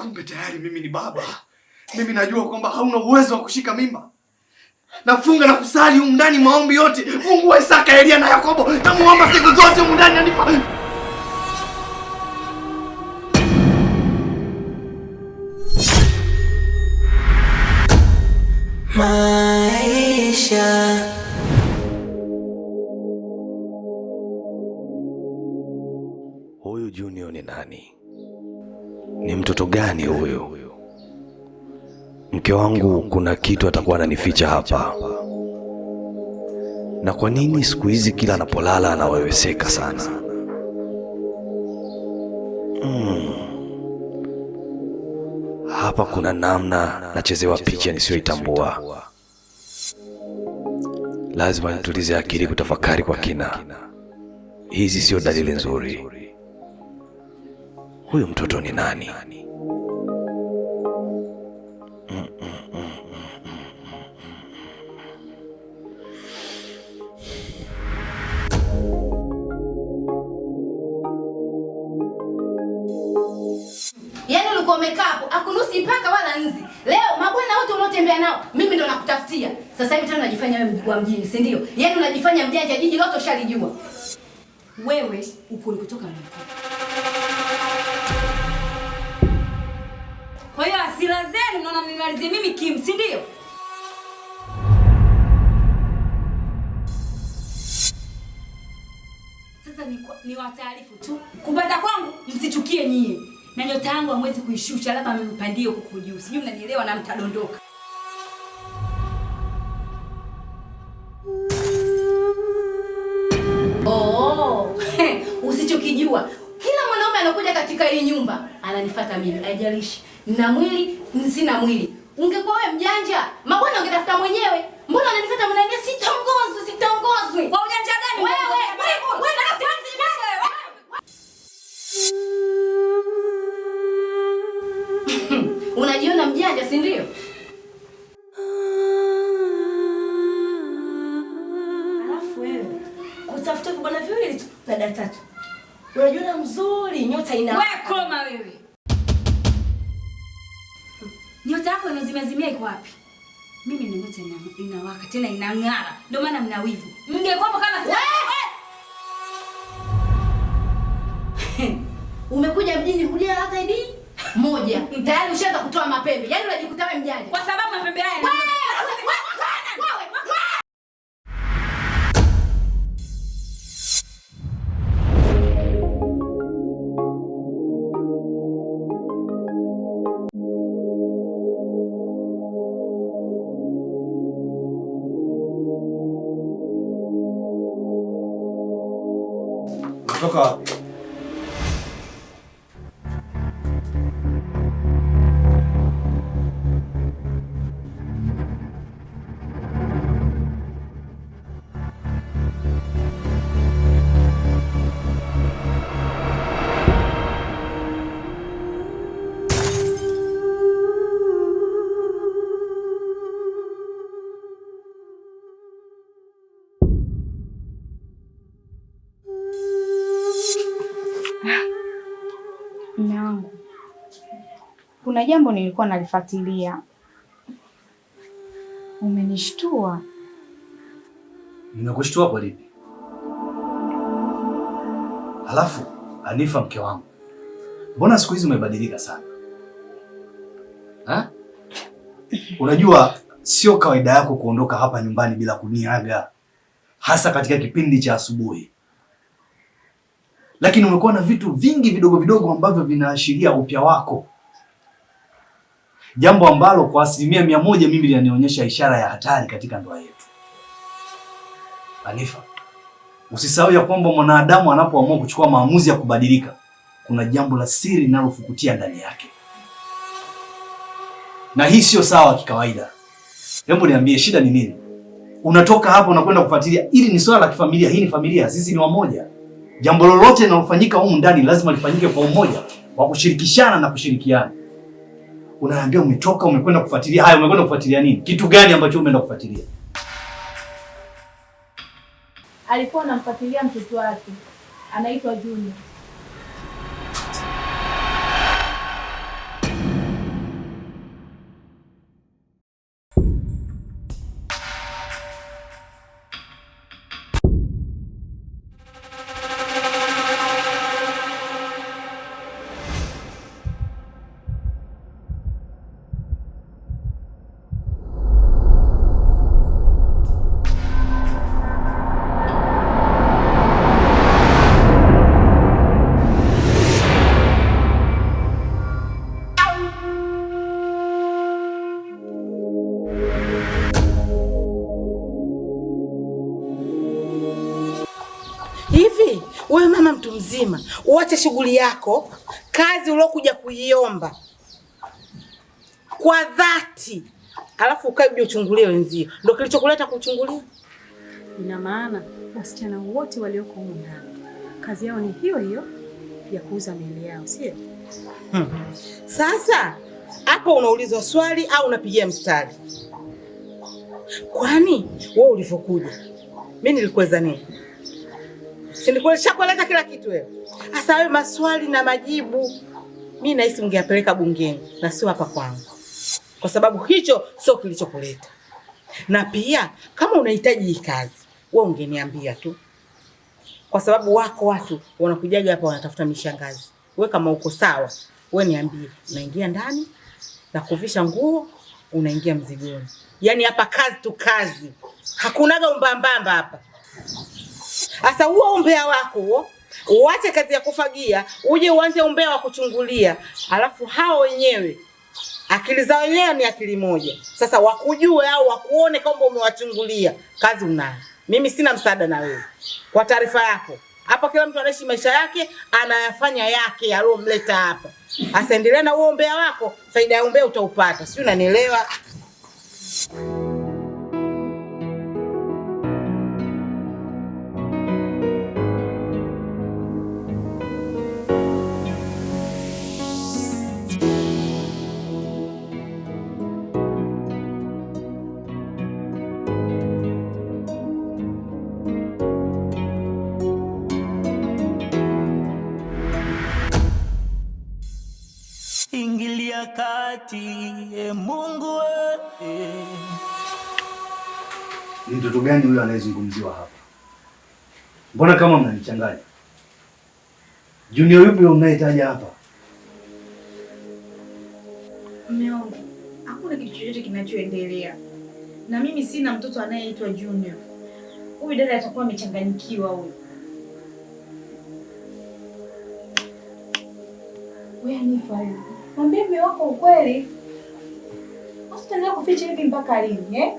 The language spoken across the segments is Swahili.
kumbe tayari mimi ni baba. Mimi najua kwamba hauna uwezo wa kushika mimba. Nafunga na kusali huko ndani maombi yote. Mungu wa Isaka, Elia na Yakobo, namuomba siku zote huko ndani anipa. Maisha huyu Junior ni nani? mtoto gani huyu? Mke wangu kuna kitu atakuwa ananificha hapa. Na kwa nini siku hizi kila anapolala anaweweseka sana? Hmm. Hapa kuna namna nachezewa picha nisiyoitambua. Lazima nitulize akili kutafakari kwa kina. Hizi sio dalili nzuri huyu mtoto ni nani? mm Yaani ulikuwa umekaa hapo akunusi paka wala nzi. Leo mabwana wote unaotembea nao mimi ndo nakutafutia. Sasa hivi tena unajifanya wewe wa mjini, si ndio? Yaani unajifanya mjanja, jiji lote ushalijua. Wewe uko ulikotoka mliko. kweli mnaona mnimalizie mimi Kim, si ndio? Sasa ni wataarifu tu, kupata kwangu msichukie nyie, na nyota yangu hamwezi kuishusha, labda mmpandie huko juu, sijui mnanielewa, na mtadondoka. Oh, usichokijua kila mwanaume anakuja katika hii nyumba ananifuata mimi, haijalishi na mwili sina mwili. Ungekuwa wewe mjanja, mabwana ungetafuta mwenyewe. Mbona unanifuata mwanangu? Sitongozwi, sitongozwi. Kwa ujanja gani wewe? Unajiona mjanja, si ndio? Alafu wewe kutafuta vibwana viwili tu na dada tatu. Unajiona mzuri, nyota ina. Wewe koma wewe. zimezimia iko wapi? Mimi ningoja inawaka tena inang'ara. Ndio maana mna wivu. Mngekuwa kama sasa. Umekuja mjini hulia hata idi moja. Tayari ushaanza kutoa mapembe. Yaani unajikuta wewe mjani. Kwa sababu mapembe haya か kuna jambo nilikuwa nalifuatilia, umenishtua. Nimekushtua kwa lipi? Halafu Hanifa, mke wangu, mbona siku hizi umebadilika sana ha? Unajua sio kawaida yako kuondoka hapa nyumbani bila kuniaga, hasa katika kipindi cha asubuhi, lakini umekuwa na vitu vingi vidogo vidogo ambavyo vinaashiria upya wako jambo ambalo kwa asilimia mia moja mimi linanionyesha ishara ya hatari katika ndoa yetu. Hanifa, usisahau ya kwamba mwanadamu anapoamua kuchukua maamuzi ya kubadilika, kuna jambo la siri linalofukutia ndani yake, na hii sio sawa kikawaida. Hebu niambie, shida ni nini? Unatoka hapo unakwenda kufuatilia, ili ni swala la kifamilia. Hii ni familia, sisi ni wamoja. Jambo lolote linalofanyika humu ndani lazima lifanyike kwa umoja kwa kushirikishana na kushirikiana unaambia umetoka umekwenda kufuatilia haya, umekwenda kufuatilia nini? Kitu gani ambacho umeenda kufuatilia? Alikuwa anamfuatilia mtoto wake anaitwa Junior. mzima, uache shughuli yako, kazi uliokuja kuiomba kwa dhati, alafu ukae uje uchungulie wenzio. Ndio kilichokuleta kuchungulia? Ina maana wasichana wote walioko huko ndani kazi yao ni hiyo hiyo ya kuuza miili yao, sio? Hmm. Sasa hapo unaulizwa swali au unapigia mstari? Kwani wewe ulivyokuja mimi nilikuweza nini? Sinishakueleza kila kitu wewe. Sasa wewe maswali na majibu, mi nahisi ungeyapeleka bungeni na sio hapa kwangu, kwa sababu hicho sio kilichokuleta. Na pia kama unahitaji hii kazi, wewe ungeniambia tu, kwa sababu wako watu wanakujaga hapa wanatafuta mishangazi. We kama uko sawa, we niambie, unaingia ndani na kuvisha nguo, unaingia mzigoni. Yaani hapa kazi tu kazi, hakunaga umbambamba hapa. Sasa huo umbea wako uache kazi ya kufagia, uje uanze umbea wa kuchungulia, alafu hao wenyewe akili za wenyewe ni akili moja. Sasa wakujue au wakuone kwamba umewachungulia, kazi unayo. Mimi sina msaada na wewe. Kwa taarifa yako, hapa kila mtu anaishi maisha yake, anayafanya yake aliyomleta hapa. Asiendelee na uombea wako, faida ya umbea utaupata, sijui unanielewa? ingilia kati, e Mungu e. mtoto gani huyo anayezungumziwa hapa? Mbona kama mnanichanganya? Junior yupi unayetaja hapa? Mume wangu, hakuna kitu chochote kinachoendelea, na mimi sina mtoto anayeitwa Junior. Huyu dada atakuwa amechanganyikiwa huyu. Wewe ni faida. Mwambie mume wako ukweli. Usitaendelea kuficha hivi mpaka lini eh?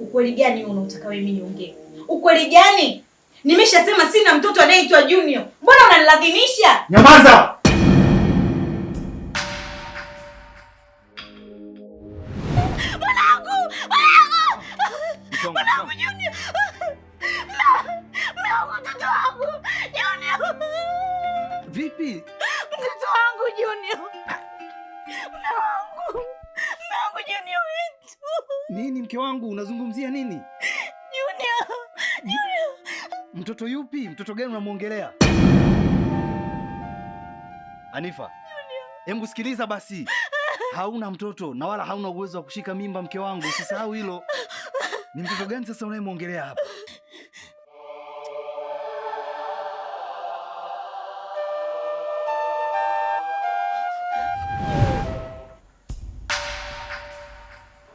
Ukweli gani huo unataka mimi niongee? Ukweli gani? Nimeshasema sina mtoto anayeitwa Junior. Mbona unanilazimisha? Nyamaza. Hebu sikiliza basi, hauna mtoto na wala hauna uwezo wa kushika mimba, mke wangu, usisahau hilo. Ni mtoto gani sasa unayemwongelea hapa?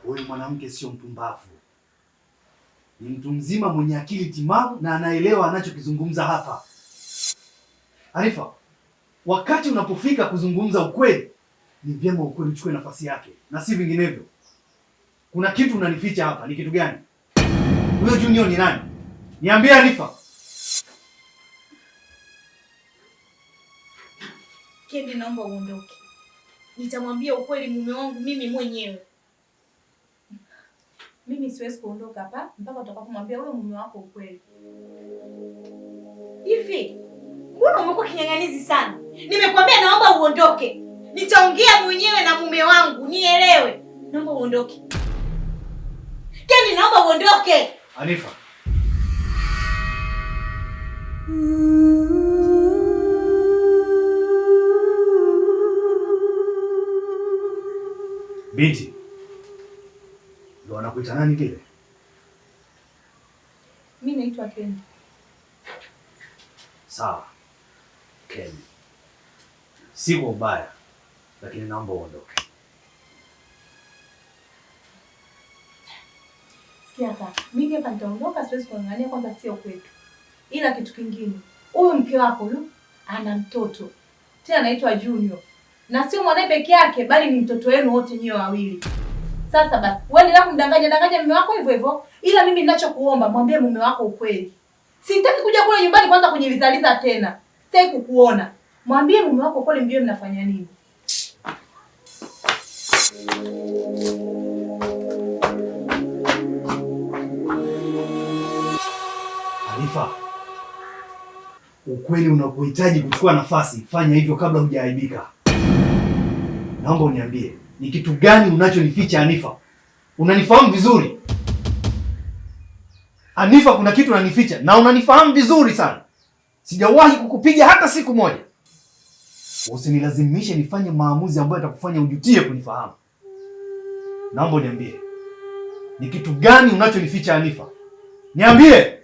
Huyu mwanamke sio mpumbavu, ni mtu mzima mwenye akili timamu na anaelewa anachokizungumza hapa. Arifa, wakati unapofika kuzungumza ukweli, ni vyema ukweli uchukue nafasi yake na si vinginevyo. Kuna kitu unanificha hapa, ni kitu gani? Huyo Junior ni nani? Niambie Alifa. Kendi, naomba uondoke. Nitamwambia ukweli mume wangu mimi mwenyewe. Mimi siwezi kuondoka hapa mpaka utakapomwambia mwambia wewe mume wako ukweli. Hivi Mbona umekuwa kinyang'anizi sana? Nimekwambia naomba uondoke. Nitaongea mwenyewe na mume wangu nielewe. Naomba uondoke. Yaani naomba uondoke. Anifa. Binti. Ndio anakuita nani kile? Mimi naitwa Kendi. Sawa ondokeni. Siko ubaya, lakini naomba uondoke. Sikia mimi hapa nitaondoka, siwezi kuangania kwanza, sio kwetu. Ila kitu kingine, huyu mke wako huyu ana mtoto tena anaitwa Junior, na sio mwanae peke yake, bali ni mtoto wenu wote nyewe wawili. Sasa basi, wewe endelea kumdanganya danganya mume wako hivyo hivyo, ila mimi ninachokuomba, mwambie mume wako ukweli. Sitaki kuja kule nyumbani kwanza kujilizaliza tena sitaki kukuona. Mwambie mume wako pole, mjue mnafanya nini. Alifa, ukweli unakuhitaji kuchukua nafasi, fanya hivyo kabla hujaaibika. Naomba uniambie ni kitu gani unachonificha Anifa? Unanifahamu vizuri Anifa, kuna kitu unanificha na unanifahamu vizuri sana. Sijawahi kukupiga hata siku moja. Usinilazimishe nifanye maamuzi ambayo yatakufanya ujutie kunifahamu. Naomba uniambie, ni kitu gani unachonificha Hanifa? Niambie.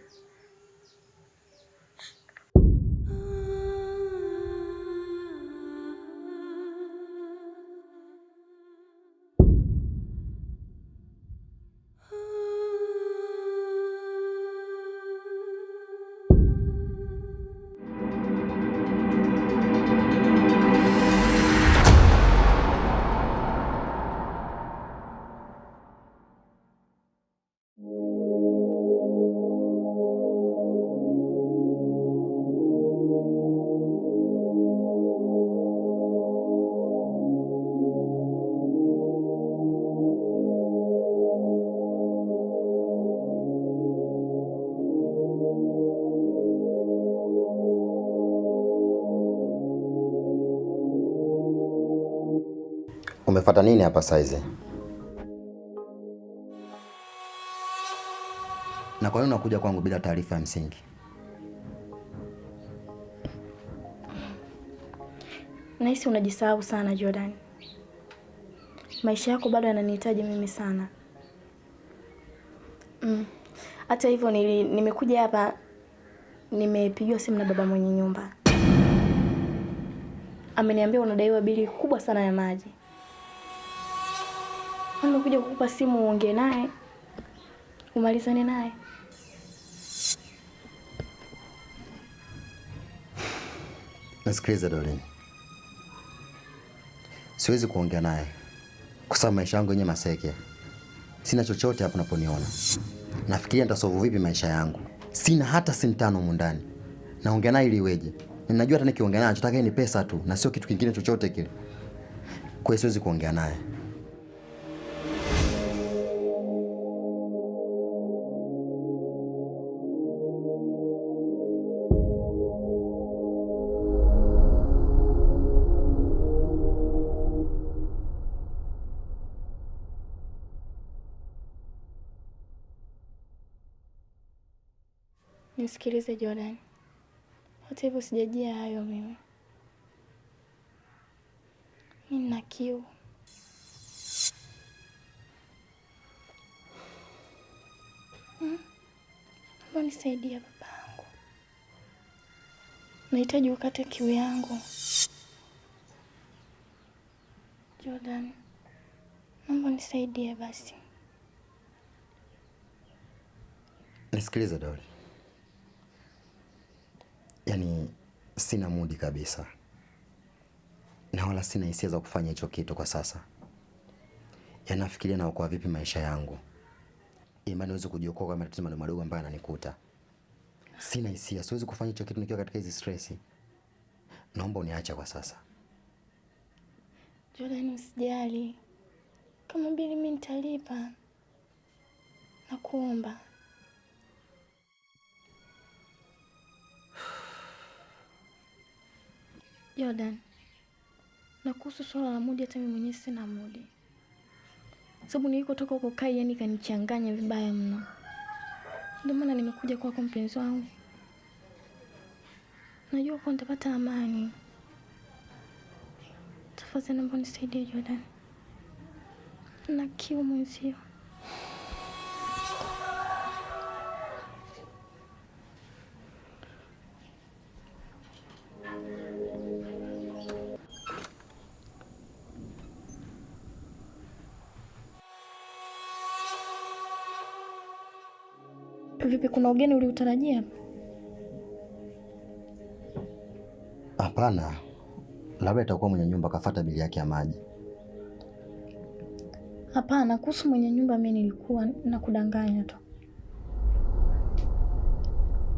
Nafuata nini hapa saizi? Na kwa nini unakuja kwangu bila taarifa ya msingi? Nahisi unajisahau sana Jordan. Maisha yako bado yananihitaji mimi sana. Mm. Hata hivyo nili nimekuja hapa nimepigiwa simu na baba mwenye nyumba. Ameniambia unadaiwa bili kubwa sana ya maji kuja kukupa simu uongee naye umalizane naye. Nasikiliza Doreen, siwezi kuongea naye kwa sababu maisha yangu yenyewe maseke, sina chochote hapa naponiona. Nafikiria nitasovu vipi maisha yangu, sina hata sintano tano humu ndani. Naongea naye ili iweje? Ninajua hata nikiongea naye anachotaka ni pesa tu na sio kitu kingine chochote kile. Kwa hiyo siwezi kuongea naye. unisikilize Jordan, hata hivyo sijajia hayo mimi. Mi nina kiu. Hmm? Naomba nisaidia babangu, nahitaji ukate kiu yangu. Jordan, naomba nisaidie basi. Nisikilize Dori, yani sina mudi kabisa na wala sina hisia za kufanya hicho kitu kwa sasa. Yanafikiria yaani, naokoa vipi maisha yangu, imani niweze kujiokoa kwa matatizo madogo madogo ambayo yananikuta. Sina hisia, siwezi kufanya hicho kitu nikiwa katika hizi stress. Naomba uniache kwa sasa. Jordan, usijali, kama bili mimi nitalipa, nakuomba. Jordan, na kuhusu swala la mudi, hata mimi mwenyewe sina mudi, sababu nilikotoka huko kai, yani kanichanganya vibaya mno. Ndio maana nimekuja kwako, mpenzi wangu, najua kwa nitapata amani. Tafadhali naomba nisaidie Jordan, na kiu mwenzio Vipi, kuna ugeni uliutarajia? Hapana, labda itakuwa mwenye nyumba kafuata bili yake ya maji. Hapana, kuhusu mwenye nyumba, mimi nilikuwa na kudanganya tu.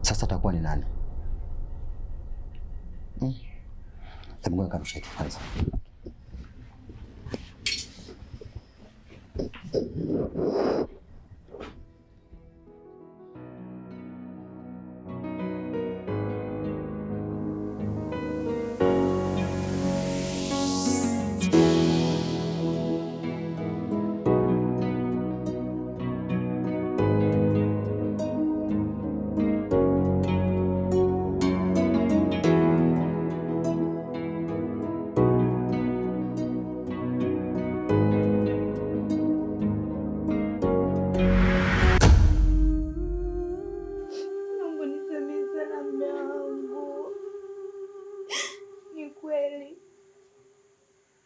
Sasa atakuwa ni nani? Hmm. Hebu nikamshike kwanza.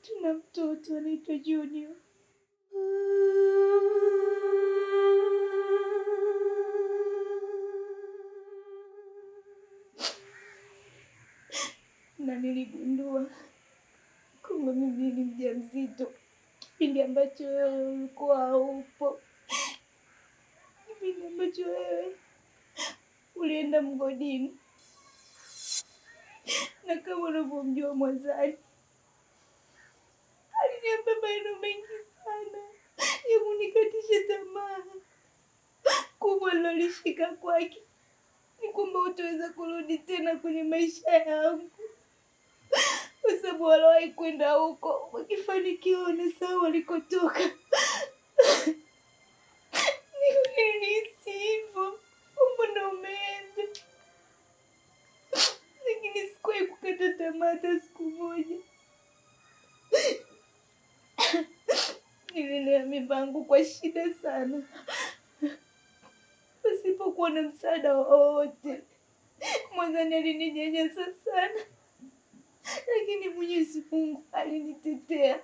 tuna mtoto anaitwa Junior. na niligundua kwamba mimi ni mjamzito kipindi ambacho wewe ulikuwa haupo, kipindi ambacho wewe ulienda mgodini, na kama unavyomjua Mwazani nimetumia maeno mengi sana hebu nikatishe tamaa kubwa lilolishika kwake ni kwamba utaweza kurudi tena kwenye maisha yangu, kwa sababu walowahi kwenda huko wakifanikiwa na walikotoka vangu kwa shida sana, pasipokuwa na msaada wowote. Mwanzani alininyanyasa sana, lakini Mwenyezi Mungu alinitetea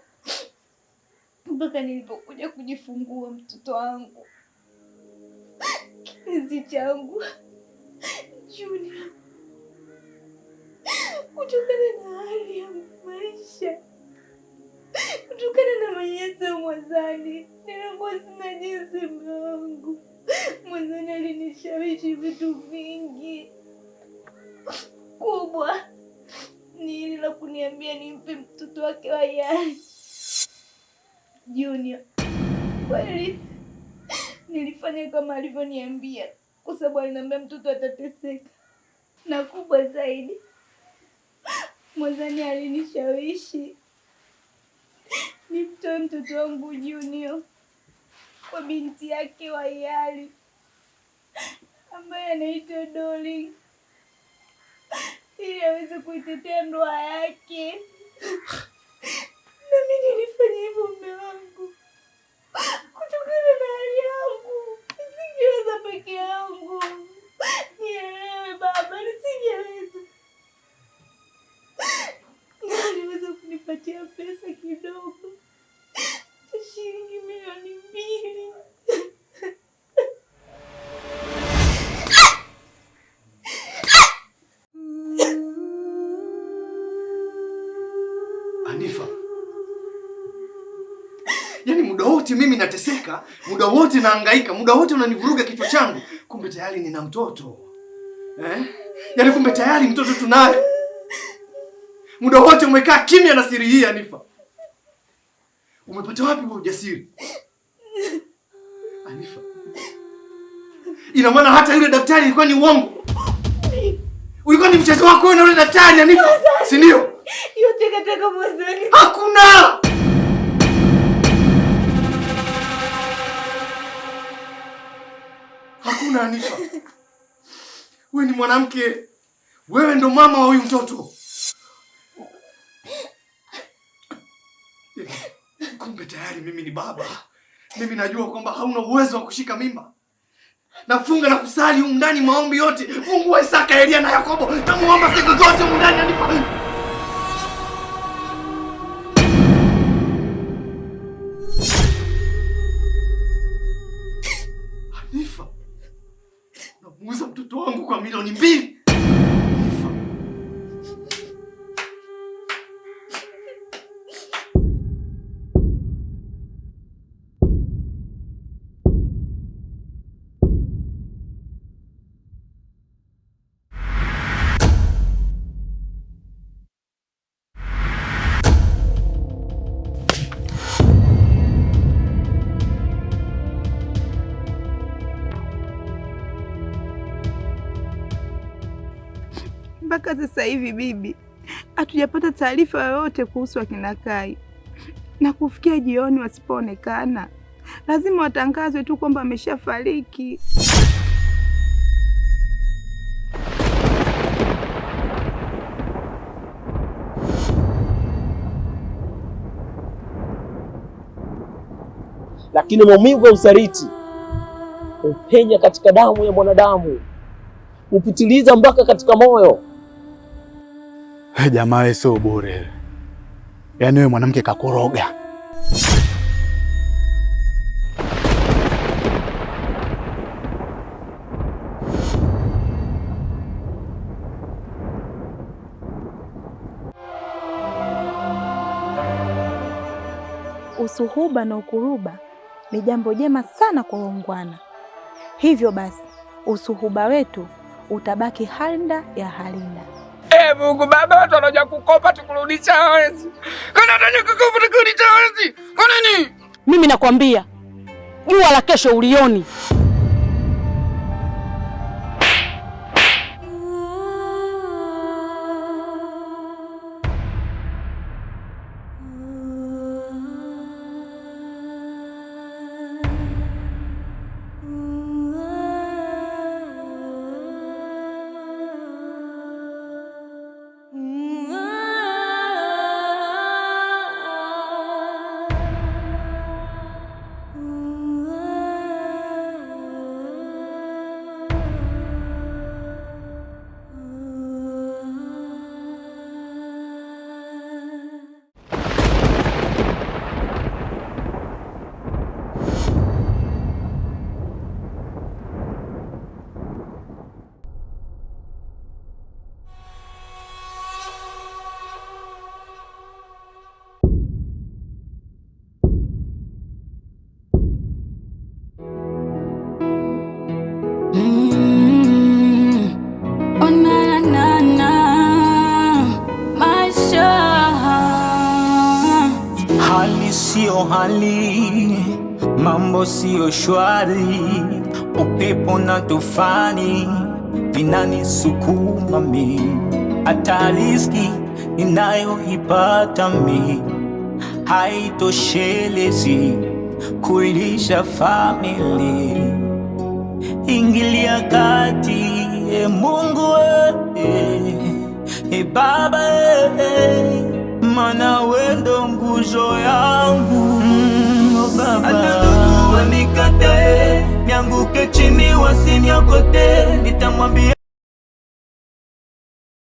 mpaka nilipokuja kujifungua mtoto wangu kipenzi changu Junior. Kutokana na hali ya maisha kutokana na manyasa Mwazani. Nilikuwa sina jinsi, mume Mwazani alinishawishi vitu vingi kubwa ni ile la kuniambia nimpe mtoto wake wa yai Junior. Kweli nilifanya kama alivyoniambia, kwa sababu aliniambia mtoto atateseka, na kubwa zaidi Mwazani alinishawishi nimtoe mtoto wangu Junior kwa binti yake wa hiari ambaye anaitwa Dolly ili aweze kuitetea ndoa muda wote naangaika muda wote unanivuruga kichwa changu, kumbe tayari nina mtoto eh? Yaani kumbe tayari mtoto tunaye. Muda wote umekaa kimya na siri hii, Anifa. Umepata wapi wewe ujasiri Anifa? Ina maana hata yule daktari ilikuwa ni uongo, ulikuwa ni mchezo wako na yule daktari Anifa, si ndio? Yote Hakuna Hakuna Anifa. Wewe ni mwanamke. Wewe ndo mama wa huyu mtoto. Kumbe tayari mimi ni baba. Mimi najua kwamba hauna uwezo wa kushika mimba. Nafunga na kusali huko ndani maombi yote. Mungu wa Isaka, Elia na Yakobo, namuomba siku zote huko ndani Anifa. mpaka sasa hivi bibi, hatujapata taarifa yoyote kuhusu akina Kai, na kufikia jioni wasipoonekana, lazima watangazwe tu kwamba ameshafariki. Lakini maumivu ya usaliti hupenya katika damu ya mwanadamu, hupitiliza mpaka katika moyo. Jamaa wewe sio bure, yaani wewe mwanamke kakoroga. Usuhuba na ukuruba ni jambo jema sana kwa waungwana. Hivyo basi usuhuba wetu utabaki halinda ya halinda. Mungu Baba, watu wanaja kukopa tukurudisha hawezi. Kana wanaja kukopa tukurudisha hawezi. Kwa nini? Mimi nakwambia jua la kesho ulioni. hali, mambo siyo shwari, upepo na tufani vinanisukuma mi, hata riziki ninayoipata mi haitoshelezi kulisha famili. Ingilia kati, e Mungu, e Baba, e Mana wendo nguzo yangu oh, hata ndugu wanikatae, nianguke chini wasiniokote, nitamwambia